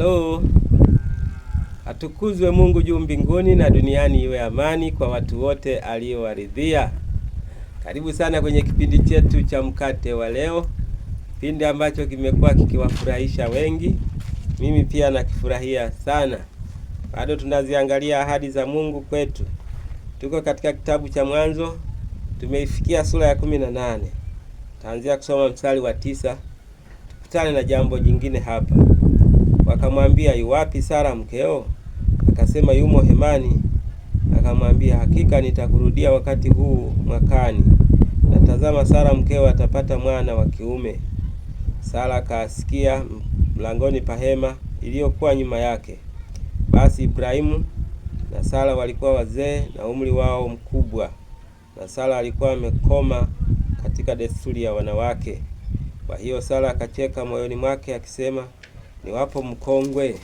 Halo, atukuzwe Mungu juu mbinguni, na duniani iwe amani kwa watu wote aliowaridhia. Karibu sana kwenye kipindi chetu cha mkate wa leo, kipindi ambacho kimekuwa kikiwafurahisha wengi. Mimi pia nakifurahia sana. Bado tunaziangalia ahadi za Mungu kwetu. Tuko katika kitabu cha Mwanzo, tumeifikia sura ya kumi na nane. Taanzia kusoma mstari wa tisa, tukutane na jambo jingine hapa. Wakamwambia, yuwapi Sara mkeo? Akasema, yumo hemani. Akamwambia, hakika nitakurudia wakati huu mwakani, na tazama, Sara mkeo atapata mwana wa kiume. Sara akaasikia mlangoni pa hema iliyokuwa nyuma yake. Basi Ibrahimu na Sara walikuwa wazee na umri wao mkubwa, na Sara alikuwa amekoma katika desturi ya wanawake. Kwa hiyo Sara akacheka moyoni mwake akisema niwapo mkongwe,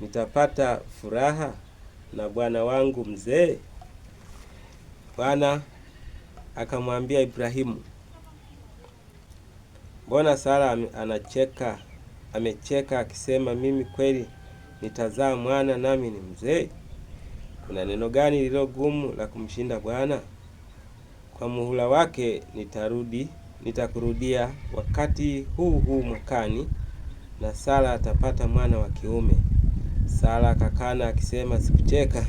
nitapata furaha na bwana wangu mzee? Bwana akamwambia Ibrahimu, mbona Sara anacheka, amecheka akisema, mimi kweli nitazaa mwana nami ni mzee? Kuna neno gani lililo gumu la kumshinda Bwana? Kwa muhula wake nitarudi nitakurudia wakati huu huu mwakani, na Sara atapata mwana wa kiume. Sara akakana akisema, sikucheka,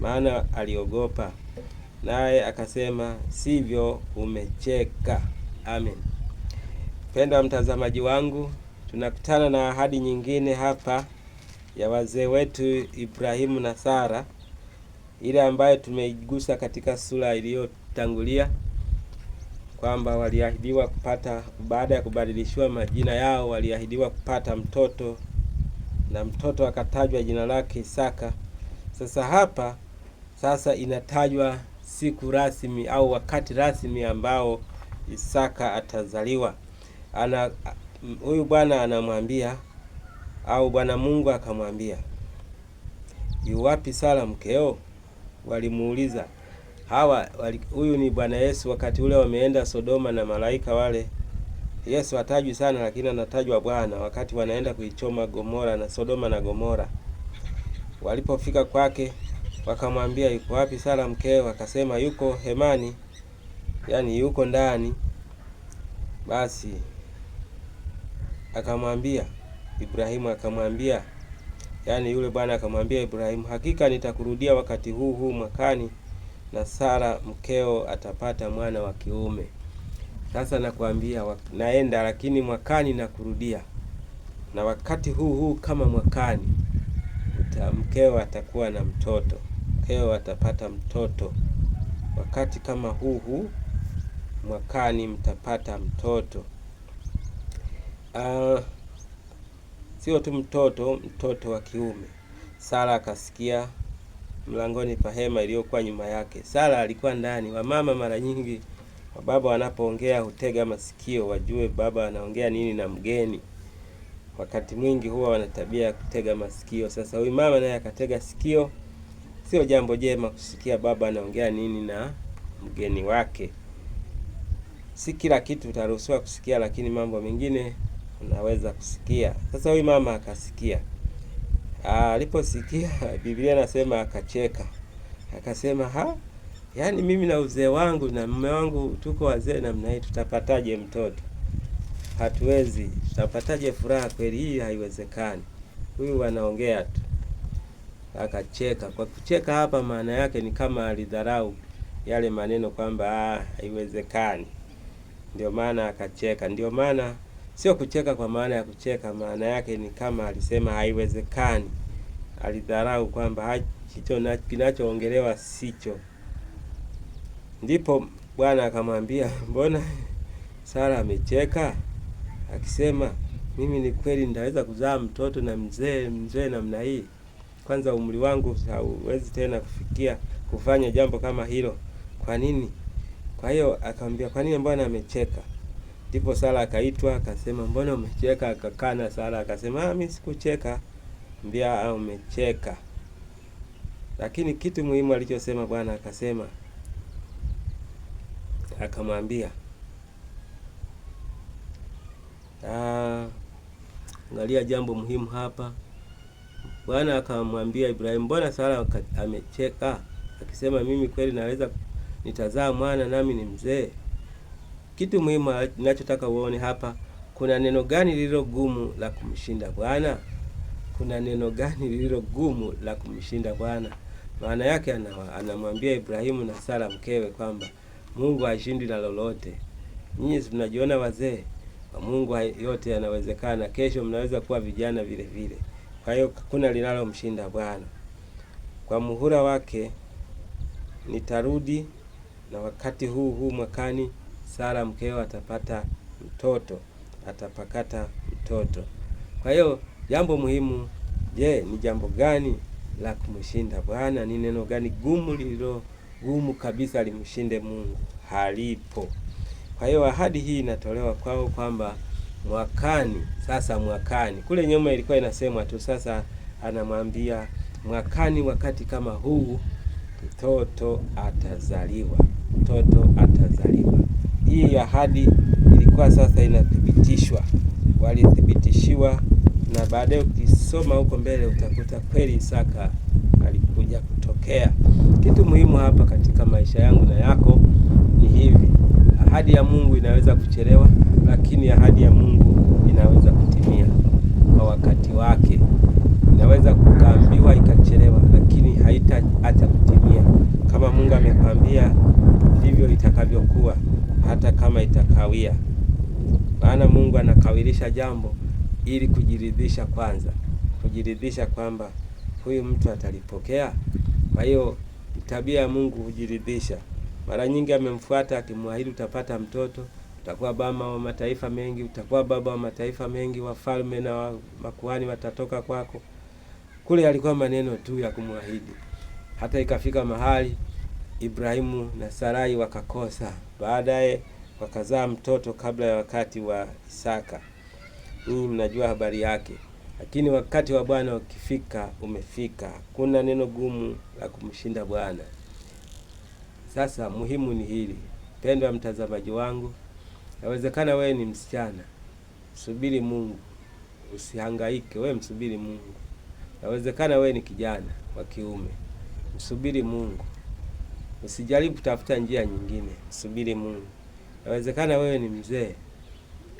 maana aliogopa. Naye akasema, sivyo, umecheka. Amen. Mpendwa mtazamaji wangu, tunakutana na ahadi nyingine hapa ya wazee wetu Ibrahimu na Sara, ile ambayo tumeigusa katika sura iliyotangulia kwamba waliahidiwa kupata, baada ya kubadilishiwa majina yao, waliahidiwa kupata mtoto na mtoto akatajwa jina lake Isaka. Sasa hapa sasa inatajwa siku rasmi au wakati rasmi ambao Isaka atazaliwa. Ana huyu bwana anamwambia au Bwana Mungu akamwambia, yuwapi Sara mkeo? Walimuuliza hawa huyu ni Bwana Yesu wakati ule wameenda Sodoma na malaika wale. Yesu hatajwi sana, lakini anatajwa Bwana wakati wanaenda kuichoma Gomora na Sodoma na Gomora. Walipofika kwake wakamwambia, yuko wapi Sara mkeo? Akasema yuko hemani, yani yuko ndani. Basi akamwambia Ibrahimu, akamwambia yani yule bwana akamwambia Ibrahimu, hakika nitakurudia wakati huu huu mwakani na Sara mkeo atapata mwana wa kiume. Sasa nakwambia naenda, lakini mwakani nakurudia, na wakati huu huu kama mwakani uta, mkeo atakuwa na mtoto, mkeo atapata mtoto wakati kama huu huu mwakani mtapata mtoto. Uh, sio tu mtoto, mtoto wa kiume. Sara akasikia mlangoni pa hema iliyokuwa nyuma yake. Sara alikuwa ndani. Wamama mara nyingi wababa wanapoongea hutega masikio wajue baba anaongea nini na mgeni. Wakati mwingi huwa wana tabia ya kutega masikio. Sasa huyu mama naye akatega sikio. Sio jambo jema kusikia baba anaongea nini na mgeni wake. Si kila kitu utaruhusiwa kusikia, lakini mambo mengine unaweza kusikia. Sasa huyu mama akasikia. Ah, aliposikia Biblia nasema akacheka, akasema ha, yaani mimi na uzee wangu na mume wangu tuko wazee namna hii, tutapataje mtoto? Hatuwezi, tutapataje furaha kweli? Hii haiwezekani, huyu wanaongea tu. Akacheka. Kwa kucheka hapa, maana yake ni kama alidharau yale maneno kwamba ah, haiwezekani. Ndio maana akacheka, ndio maana sio kucheka kwa maana ya kucheka, maana yake ni kama alisema haiwezekani alidharau kwamba hicho kinachoongelewa sicho. Ndipo Bwana akamwambia, mbona Sara amecheka akisema, mimi ni kweli nitaweza kuzaa mtoto na mzee mzee namna hii? Kwanza umri wangu hauwezi tena kufikia kufanya jambo kama hilo, kwa nini? Kwa hiyo akamwambia, kwa nini mbona amecheka? Ndipo Sara akaitwa akasema, mbona umecheka? Akakana Sara akasema, ah, mimi sikucheka ndio amecheka. Lakini kitu muhimu alichosema Bwana akasema, akamwambia ah, angalia jambo muhimu hapa. Bwana akamwambia Ibrahimu, mbona Sara amecheka akisema, mimi kweli naweza nitazaa mwana nami ni mzee? Kitu muhimu ninachotaka uone hapa, kuna neno gani lililo gumu la kumshinda Bwana? kuna neno gani lililo gumu la kumshinda Bwana? Maana yake anamwambia Ibrahimu na Sara mkewe kwamba Mungu hashindi na lolote. Nyinyi tunajiona wazee wa Mungu, yote yanawezekana. Kesho mnaweza kuwa vijana vile vile. Kwa hiyo hakuna linalomshinda Bwana. Kwa muhura wake nitarudi, na wakati huu huu mwakani Sara mkewe atapata mtoto, atapakata mtoto. Kwa hiyo Jambo muhimu, je, ni jambo gani la kumshinda Bwana? Ni neno gani gumu lililo gumu kabisa limshinde Mungu? Halipo. Kwa hiyo ahadi hii inatolewa kwao kwamba mwakani, sasa mwakani, kule nyuma ilikuwa inasemwa tu, sasa anamwambia mwakani, wakati kama huu mtoto atazaliwa, mtoto atazaliwa. Hii ahadi ilikuwa sasa inathibitishwa, walithibitishiwa na baadaye ukisoma huko mbele utakuta kweli Isaka alikuja kutokea. Kitu muhimu hapa katika maisha yangu na yako ni hivi: ahadi ya Mungu inaweza kuchelewa, lakini ahadi ya Mungu inaweza kutimia kwa wakati wake. Inaweza kukaambiwa ikachelewa, lakini haita hata kutimia. Kama Mungu amekwambia, ndivyo itakavyokuwa, hata kama itakawia, maana Mungu anakawilisha jambo ili kujiridhisha kwanza, kujiridhisha kwamba huyu mtu atalipokea. Kwa hiyo tabia ya Mungu hujiridhisha. Mara nyingi amemfuata akimwahidi, utapata mtoto, utakuwa baba wa mataifa mengi, utakuwa baba wa mataifa mengi, wafalme na wa makuhani watatoka kwako. Kule alikuwa maneno tu ya kumwahidi, hata ikafika mahali Ibrahimu na Sarai wakakosa, baadaye wakazaa mtoto kabla ya wakati wa Isaka nyinyi mnajua habari yake, lakini wakati wa Bwana ukifika umefika. Hakuna neno gumu la kumshinda Bwana. Sasa muhimu ni hili, pendwa mtazamaji wangu, nawezekana wewe ni msichana, msubiri Mungu, usihangaike, wewe msubiri Mungu. Nawezekana wewe ni kijana wa kiume, msubiri Mungu, usijaribu kutafuta njia nyingine, msubiri Mungu. Nawezekana wewe ni mzee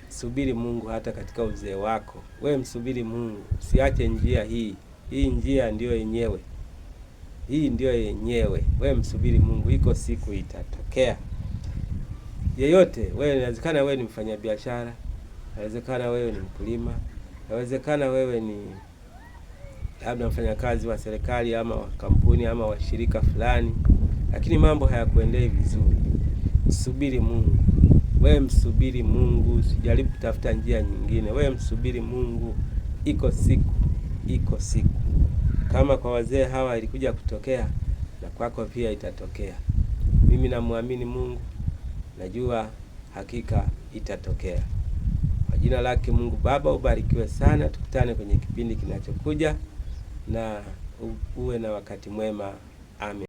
subiri Mungu hata katika uzee wako. We msubiri Mungu, siache njia hii. Hii njia ndiyo yenyewe, hii ndiyo yenyewe. We msubiri Mungu, iko siku itatokea. Yeyote wewe, inawezekana wewe ni mfanyabiashara, inawezekana wewe ni mkulima, inawezekana wewe ni labda mfanyakazi wa serikali ama wa kampuni ama wa shirika fulani, lakini mambo hayakuendei vizuri. Subiri Mungu wewe msubiri Mungu, sijaribu kutafuta njia nyingine. Wewe msubiri Mungu, iko siku, iko siku. Kama kwa wazee hawa ilikuja kutokea, na kwako pia itatokea. Mimi namwamini Mungu, najua hakika itatokea. Kwa jina lake Mungu Baba, ubarikiwe sana. Tukutane kwenye kipindi kinachokuja, na uwe na wakati mwema. Amen.